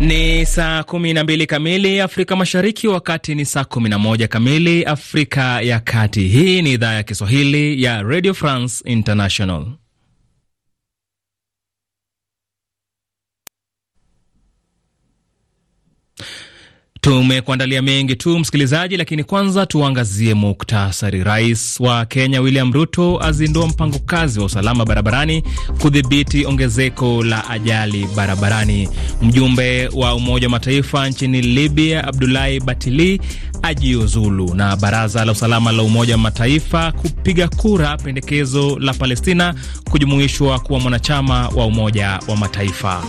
Ni saa kumi na mbili kamili Afrika Mashariki, wakati ni saa kumi na moja kamili Afrika ya Kati. Hii ni idhaa ya Kiswahili ya Radio France International. Tumekuandalia mengi tu msikilizaji, lakini kwanza tuangazie muktasari. Rais wa Kenya William Ruto azindua mpango kazi wa usalama barabarani kudhibiti ongezeko la ajali barabarani. Mjumbe wa Umoja wa Mataifa nchini Libya Abdulahi Batili ajiuzulu, na Baraza la Usalama la Umoja wa Mataifa kupiga kura pendekezo la Palestina kujumuishwa kuwa mwanachama wa Umoja wa Mataifa.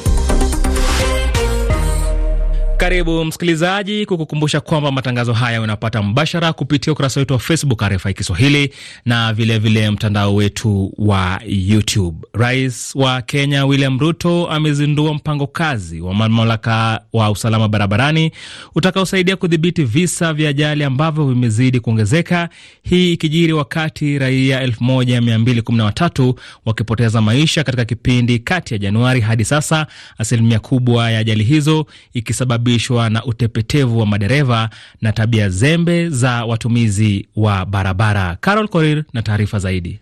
Karibu msikilizaji, kukukumbusha kwamba matangazo haya unapata mbashara kupitia ukurasa wetu wa Facebook RFI Kiswahili na vilevile mtandao wetu wa YouTube. Rais wa Kenya William Ruto amezindua mpango kazi wa mamlaka wa usalama barabarani utakaosaidia kudhibiti visa vya ajali ambavyo vimezidi kuongezeka, hii ikijiri wakati raia 1213 wakipoteza maisha katika kipindi kati ya Januari hadi sasa, asilimia kubwa ya ajali hizo ikisababisha kusababishwa na utepetevu wa madereva na tabia zembe za watumizi wa barabara. Carol Korir na taarifa zaidi.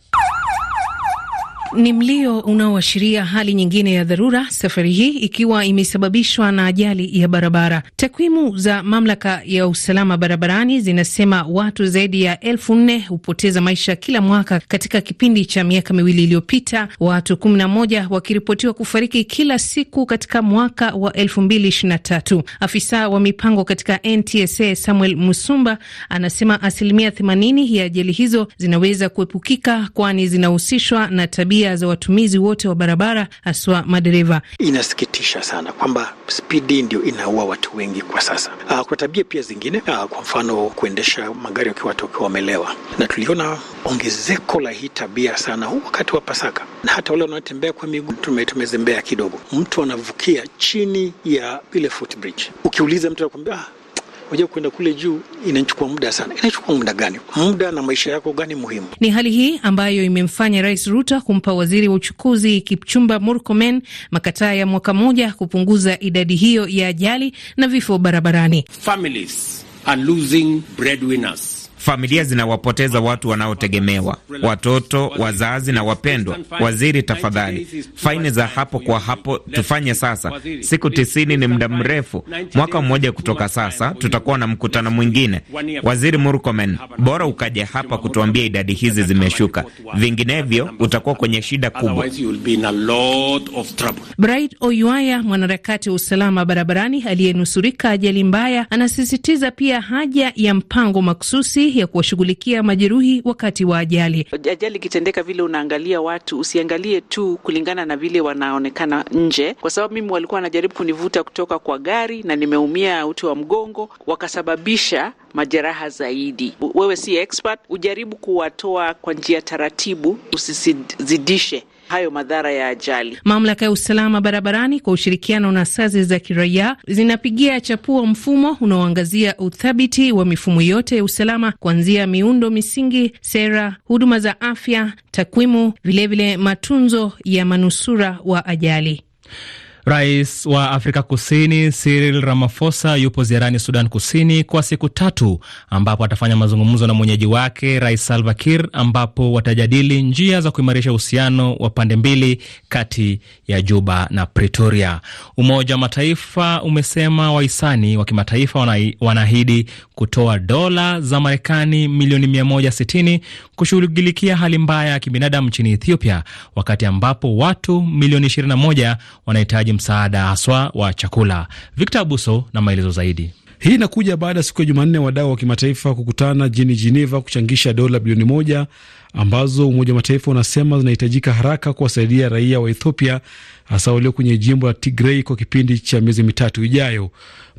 Ni mlio unaoashiria hali nyingine ya dharura, safari hii ikiwa imesababishwa na ajali ya barabara. Takwimu za mamlaka ya usalama barabarani zinasema watu zaidi ya elfu nne hupoteza maisha kila mwaka. Katika kipindi cha miaka miwili iliyopita, watu moja wakiripotiwa kufariki kila siku katika mwaka wa tatu. Afisa wa mipango katika NTSA Samuel Musumba anasema asilimia themanini ya ajali hizo zinaweza kuepukika, kwani zinahusishwa na tabia tabia za watumizi wote wa barabara, haswa madereva. Inasikitisha sana kwamba spidi ndio inaua watu wengi kwa sasa. Aa, ah, kwa tabia pia zingine aa, ah, kwa mfano kuendesha magari wakiwa watu wakiwa wamelewa, na tuliona ongezeko la hii tabia sana huu wakati wa Pasaka, na hata wale wanaotembea kwa miguu tumezembea kidogo. Mtu anavukia chini ya ile footbridge, ukiuliza mtu anakuambia ah, waje kwenda kule juu inachukua muda sana. Inachukua muda gani? Muda na maisha yako gani muhimu? Ni hali hii ambayo imemfanya Rais Ruto kumpa waziri wa uchukuzi Kipchumba Murkomen makataa ya mwaka mmoja kupunguza idadi hiyo ya ajali na vifo barabarani. Families are losing breadwinners. Familia zinawapoteza watu wanaotegemewa, watoto, wazazi na wapendwa. Waziri, tafadhali, faini za hapo kwa hapo tufanye sasa. Siku tisini ni muda mrefu. Mwaka mmoja kutoka sasa tutakuwa na mkutano mwingine. Waziri Murkomen, bora ukaje hapa kutuambia idadi hizi zimeshuka, vinginevyo utakuwa kwenye shida kubwa. Bright Oyuaya, mwanaharakati wa usalama barabarani aliyenusurika ajali mbaya, anasisitiza pia haja ya mpango maksusi ya kuwashughulikia majeruhi wakati wa ajali. Ajali ikitendeka vile, unaangalia watu, usiangalie tu kulingana na vile wanaonekana nje, kwa sababu mimi walikuwa wanajaribu kunivuta kutoka kwa gari na nimeumia uti wa mgongo, wakasababisha majeraha zaidi. Wewe si expert, ujaribu kuwatoa kwa njia taratibu, usizidishe hayo madhara ya ajali. Mamlaka ya usalama barabarani kwa ushirikiano na asasi za kiraia zinapigia chapuo mfumo unaoangazia uthabiti wa mifumo yote ya usalama kuanzia miundo misingi, sera, huduma za afya, takwimu, vilevile matunzo ya manusura wa ajali. Rais wa Afrika Kusini Cyril Ramaphosa yupo ziarani Sudan Kusini kwa siku tatu, ambapo atafanya mazungumzo na mwenyeji wake Rais Salva Kiir, ambapo watajadili njia za kuimarisha uhusiano wa pande mbili kati ya Juba na Pretoria. Umoja wa Mataifa umesema wahisani wa kimataifa wanaahidi kutoa dola za Marekani milioni 160 kushughulikia hali mbaya ya kibinadamu nchini Ethiopia, wakati ambapo watu milioni 21 wanahitaji msaada haswa wa chakula. Victor Abuso na maelezo zaidi. Hii inakuja baada ya siku ya Jumanne wadau wa kimataifa kukutana jini Geneva kuchangisha dola bilioni moja ambazo Umoja wa Mataifa unasema zinahitajika haraka kuwasaidia raia wa Ethiopia hasa walio kwenye jimbo la Tigrei kwa kipindi cha miezi mitatu ijayo.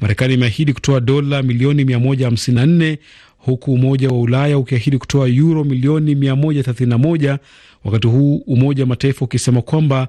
Marekani imeahidi kutoa dola milioni 154 huku Umoja wa Ulaya ukiahidi kutoa yuro milioni 131, wakati huu Umoja wa Mataifa ukisema kwamba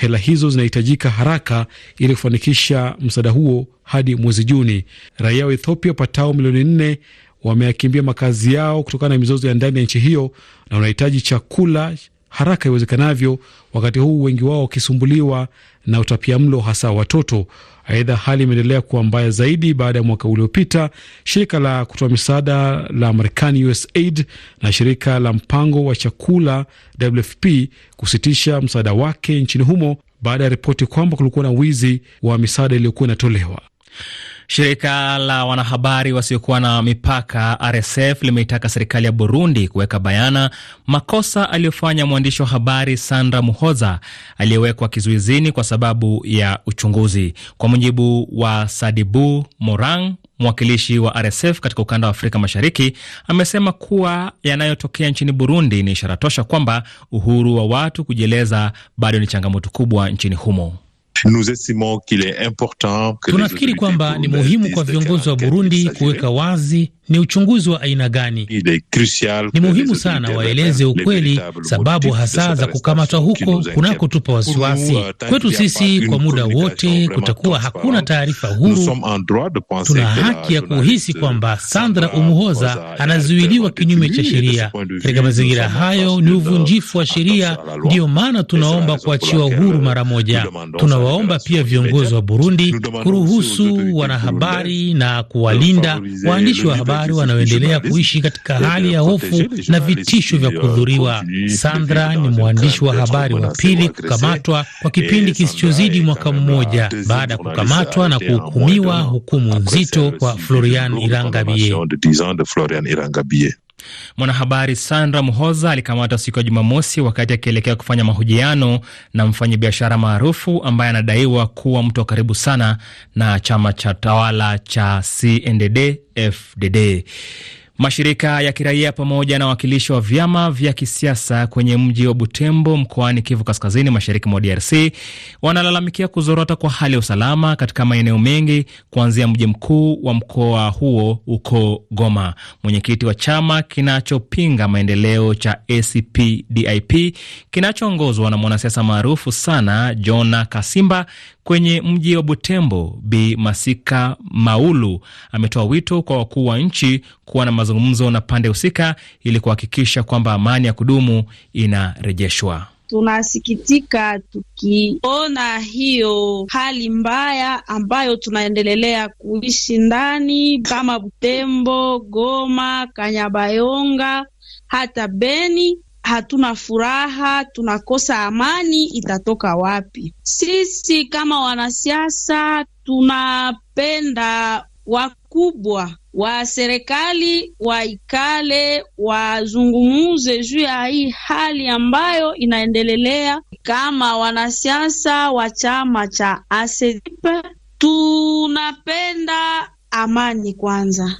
Hela hizo zinahitajika haraka ili kufanikisha msaada huo hadi mwezi Juni. Raia wa Ethiopia wapatao milioni nne wameakimbia makazi yao kutokana na mizozo ya ndani ya nchi hiyo na wanahitaji chakula, haraka iwezekanavyo, wakati huu wengi wao wakisumbuliwa na utapia mlo hasa watoto. Aidha, hali imeendelea kuwa mbaya zaidi baada ya mwaka uliopita. Shirika la kutoa misaada la Marekani, USAID, na shirika la mpango wa chakula WFP kusitisha msaada wake nchini humo baada ya ripoti kwamba kulikuwa na wizi wa misaada iliyokuwa inatolewa. Shirika la wanahabari wasiokuwa na mipaka RSF limeitaka serikali ya Burundi kuweka bayana makosa aliyofanya mwandishi wa habari Sandra Muhoza aliyewekwa kizuizini kwa sababu ya uchunguzi. Kwa mujibu wa Sadibu Morang, mwakilishi wa RSF katika ukanda wa Afrika Mashariki, amesema kuwa yanayotokea nchini Burundi ni ishara tosha kwamba uhuru wa watu kujieleza bado ni changamoto kubwa nchini humo. Tunafikiri kwamba ni muhimu kwa viongozi wa Burundi kuweka wazi ni uchunguzi wa aina gani. Ni muhimu sana waeleze ukweli, sababu hasa za kukamatwa huko kunakotupa wasiwasi. Euh, Kwetu sisi, kwa muda wote kutakuwa hakuna taarifa huru. Tuna haki ya kuhisi kwamba Sandra Umuhoza anazuiliwa kinyume cha sheria. Katika mazingira hayo, ni uvunjifu wa sheria, ndiyo maana tunaomba kuachiwa uhuru mara moja. Tuna Tunawaomba pia viongozi wa Burundi kuruhusu wanahabari na kuwalinda waandishi wa habari wanaoendelea kuishi katika hali ya hofu na vitisho vya kudhuriwa. Sandra ni mwandishi wa habari wa pili kukamatwa kwa kipindi kisichozidi mwaka mmoja baada ya kukamatwa na kuhukumiwa hukumu nzito kwa Florian Irangabie. Mwanahabari Sandra Muhoza alikamatwa siku ya Jumamosi wakati akielekea kufanya mahojiano na mfanyabiashara maarufu ambaye anadaiwa kuwa mtu wa karibu sana na chama cha tawala cha CNDD FDD. Mashirika ya kiraia pamoja na wawakilishi wa vyama vya kisiasa kwenye mji wa Butembo mkoani Kivu Kaskazini, mashariki mwa DRC wanalalamikia kuzorota kwa hali ya usalama katika maeneo mengi kuanzia mji mkuu wa mkoa huo huko Goma. Mwenyekiti wa chama kinachopinga maendeleo cha ACPDIP kinachoongozwa na mwanasiasa maarufu sana Jona Kasimba kwenye mji wa Butembo, Bi Masika Maulu ametoa wito kwa wakuu wa nchi kuwa na mazungumzo na pande husika ili kuhakikisha kwamba amani ya kudumu inarejeshwa. Tunasikitika tukiona hiyo hali mbaya ambayo tunaendelea kuishi ndani kama Butembo, Goma, Kanyabayonga hata Beni hatuna furaha, tunakosa amani, itatoka wapi? Sisi kama wanasiasa tunapenda wakubwa wa serikali waikale wazungumuze juu ya hii hali ambayo inaendelelea. Kama wanasiasa wa chama cha tunapenda amani kwanza.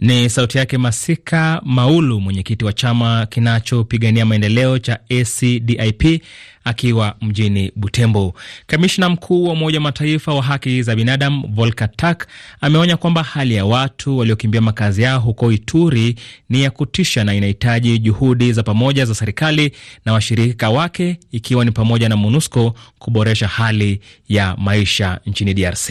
Ni sauti yake Masika Maulu, mwenyekiti wa chama kinachopigania maendeleo cha ACDIP akiwa mjini Butembo. Kamishna mkuu wa Umoja wa Mataifa wa haki za binadamu Volker Turk ameonya kwamba hali ya watu waliokimbia makazi yao huko Ituri ni ya kutisha na inahitaji juhudi za pamoja za serikali na washirika wake ikiwa ni pamoja na MONUSCO kuboresha hali ya maisha nchini DRC.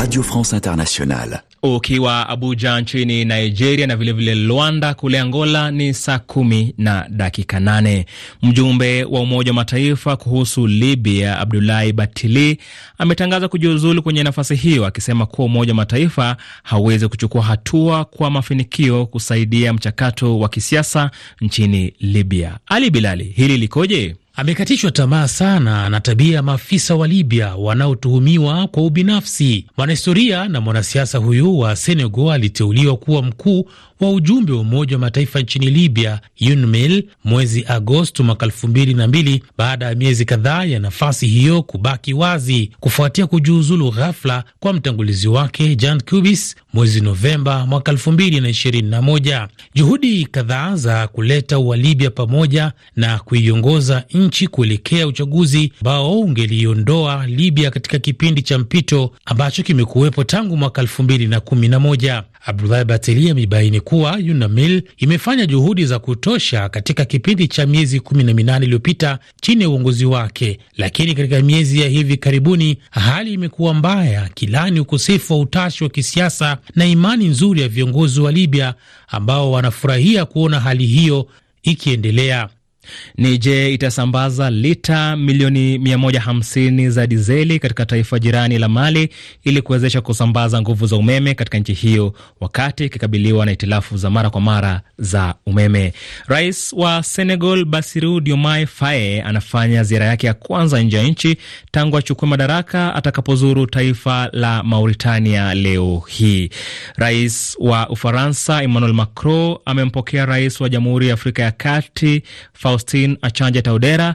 Radio France Internationale. Ukiwa Abuja nchini Nigeria na vilevile vile Luanda kule Angola ni saa kumi na dakika nane. Mjumbe wa Umoja wa Mataifa kuhusu Libya Abdulahi Batili ametangaza kujiuzulu kwenye nafasi hiyo, akisema kuwa Umoja wa Mataifa hauwezi kuchukua hatua kwa mafinikio kusaidia mchakato wa kisiasa nchini Libya. Ali Bilali, hili likoje? amekatishwa tamaa sana na tabia ya maafisa wa Libya wanaotuhumiwa kwa ubinafsi. Mwanahistoria na mwanasiasa huyu wa Senegal aliteuliwa kuwa mkuu wa ujumbe wa Umoja wa Mataifa nchini Libya, UNMIL, mwezi Agosto mwaka elfu mbili na mbili baada ya miezi kadhaa ya nafasi hiyo kubaki wazi kufuatia kujiuzulu ghafla kwa mtangulizi wake Jan Kubis mwezi Novemba mwaka elfu mbili na ishirini na moja. Juhudi kadhaa za kuleta Walibya pamoja na kuiongoza nchi kuelekea uchaguzi ambao ungeliondoa Libya katika kipindi cha mpito ambacho kimekuwepo tangu mwaka elfu mbili na kumi na moja. Abdulahi Bateli amebaini kuwa UNAMIL imefanya juhudi za kutosha katika kipindi cha miezi kumi na minane iliyopita chini ya uongozi wake, lakini katika miezi ya hivi karibuni hali imekuwa mbaya, kilani ukosefu wa utashi wa kisiasa na imani nzuri ya viongozi wa Libya ambao wanafurahia kuona hali hiyo ikiendelea. Niger itasambaza lita milioni 150 za dizeli katika taifa jirani la Mali ili kuwezesha kusambaza nguvu za umeme katika nchi hiyo, wakati ikikabiliwa na itilafu za mara kwa mara za umeme. Rais wa Senegal Basiru Diomaye Faye anafanya ziara yake ya kwanza nje ya nchi tangu achukue madaraka atakapozuru taifa la Mauritania leo hii. Rais wa Ufaransa Emmanuel Macron amempokea rais wa Jamhuri ya Afrika ya Kati Faustin Achanje Taudera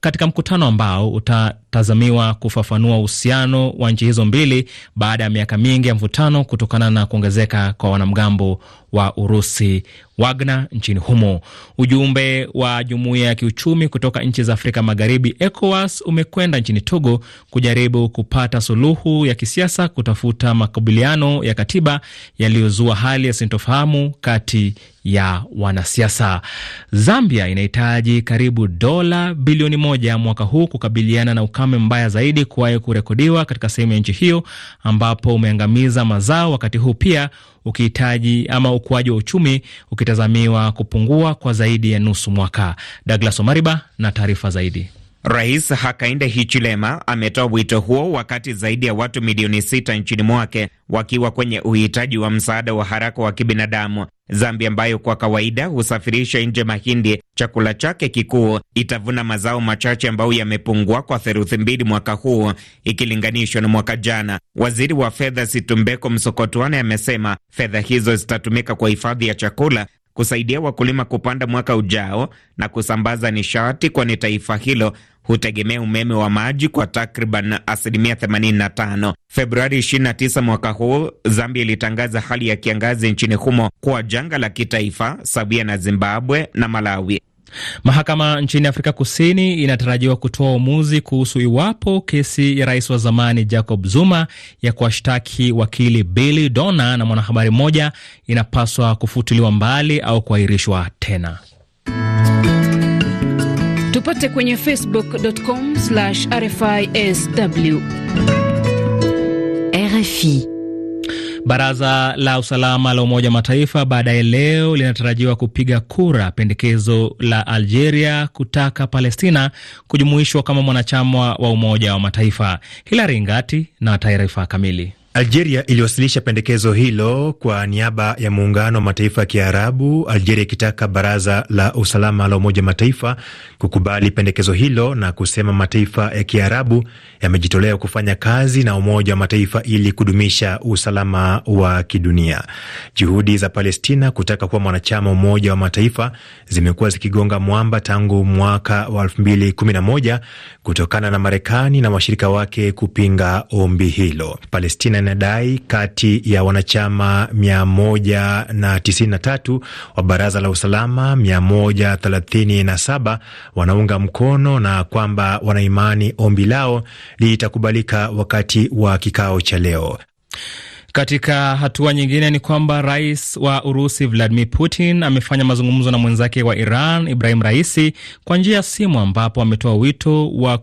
katika mkutano ambao utatazamiwa kufafanua uhusiano wa nchi hizo mbili baada ya miaka mingi ya mvutano kutokana na kuongezeka kwa wanamgambo wa Urusi Wagner nchini humo. Ujumbe wa jumuiya ya kiuchumi kutoka nchi za Afrika Magharibi, ECOWAS, umekwenda nchini Togo kujaribu kupata suluhu ya kisiasa kutafuta makubaliano ya katiba yaliyozua hali ya sintofahamu kati ya wanasiasa. Zambia inahitaji karibu dola bilioni moja mwaka huu kukabiliana na ukame mbaya zaidi kuwahi kurekodiwa katika sehemu ya nchi hiyo ambapo umeangamiza mazao, wakati huu pia ukihitaji ama ukuaji wa uchumi ukitazamiwa kupungua kwa zaidi ya nusu mwaka. Douglas Omariba na taarifa zaidi. Rais Hakainde Hichilema ametoa wito huo wakati zaidi ya watu milioni sita nchini mwake wakiwa kwenye uhitaji wa msaada wa haraka wa kibinadamu. Zambia ambayo kwa kawaida husafirisha nje mahindi, chakula chake kikuu, itavuna mazao machache ambayo yamepungua kwa theluthi mbili mwaka huu ikilinganishwa na mwaka jana. Waziri wa fedha Situmbeko Msokotwane amesema fedha hizo zitatumika kwa hifadhi ya chakula kusaidia wakulima kupanda mwaka ujao na kusambaza nishati, kwani taifa hilo hutegemea umeme wa maji kwa takriban asilimia 85. Februari 29 mwaka huu, Zambia ilitangaza hali ya kiangazi nchini humo kuwa janga la kitaifa sawia na Zimbabwe na Malawi. Mahakama nchini Afrika Kusini inatarajiwa kutoa uamuzi kuhusu iwapo kesi ya rais wa zamani Jacob Zuma ya kuwashtaki wakili Billy dona na mwanahabari mmoja inapaswa kufutiliwa mbali au kuahirishwa tena. Tupate kwenye facebook.com RFISW. RFI Baraza la usalama la Umoja wa Mataifa baadaye leo linatarajiwa kupiga kura pendekezo la Algeria kutaka Palestina kujumuishwa kama mwanachama wa Umoja wa Mataifa. Hilari Ngati na taarifa kamili. Algeria iliwasilisha pendekezo hilo kwa niaba ya muungano wa mataifa ya Kiarabu, Algeria ikitaka baraza la usalama la Umoja Mataifa kukubali pendekezo hilo na kusema mataifa ya Kiarabu yamejitolea kufanya kazi na Umoja wa Mataifa ili kudumisha usalama wa kidunia. Juhudi za Palestina kutaka kuwa mwanachama Umoja wa Mataifa zimekuwa zikigonga mwamba tangu mwaka wa 2011 kutokana na Marekani na washirika wake kupinga ombi hilo. Palestina yanadai kati ya wanachama tatu wa baraza la usalama saba wanaunga mkono na kwamba wanaimani ombi lao litakubalika wakati wa kikao cha leo. Katika hatua nyingine ni kwamba rais wa Urusi Vladimir Putin amefanya mazungumzo na mwenzake wa Iran Ibrahim Raisi kwa njia ya simu, ambapo ametoa wito wa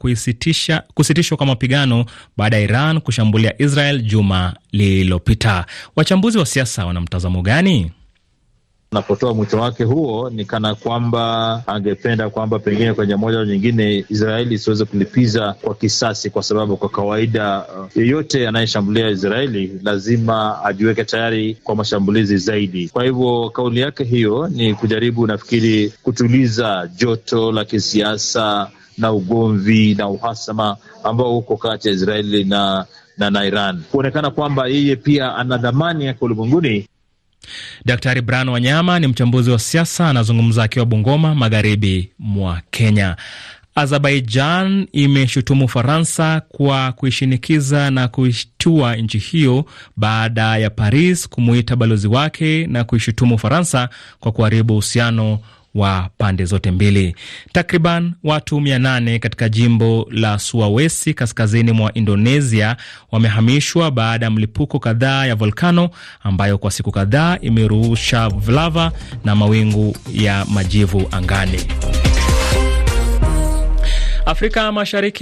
kusitishwa kwa mapigano baada ya Iran kushambulia Israel juma lililopita. Wachambuzi wa siasa wana mtazamo gani? Anapotoa mwito wake huo, ni kana kwamba angependa kwamba pengine kwa moja au nyingine Israeli isiweze kulipiza kwa kisasi, kwa sababu kwa kawaida uh, yeyote anayeshambulia Israeli lazima ajiweke tayari kwa mashambulizi zaidi. Kwa hivyo kauli yake hiyo ni kujaribu, nafikiri, kutuliza joto la kisiasa na ugomvi na uhasama ambao uko kati ya Israeli na na, na Iran, kuonekana kwamba yeye pia ana dhamani yake ulimwenguni. Daktari Brian Wanyama ni mchambuzi wa siasa, anazungumza akiwa Bungoma, magharibi mwa Kenya. Azerbaijan imeshutumu Ufaransa kwa kuishinikiza na kuishtua nchi hiyo baada ya Paris kumuita balozi wake na kuishutumu Ufaransa kwa kuharibu uhusiano wa pande zote mbili. Takriban watu mia nane katika jimbo la Sulawesi kaskazini mwa Indonesia wamehamishwa baada ya mlipuko kadhaa ya volkano ambayo kwa siku kadhaa imerusha lava na mawingu ya majivu angani. Afrika Mashariki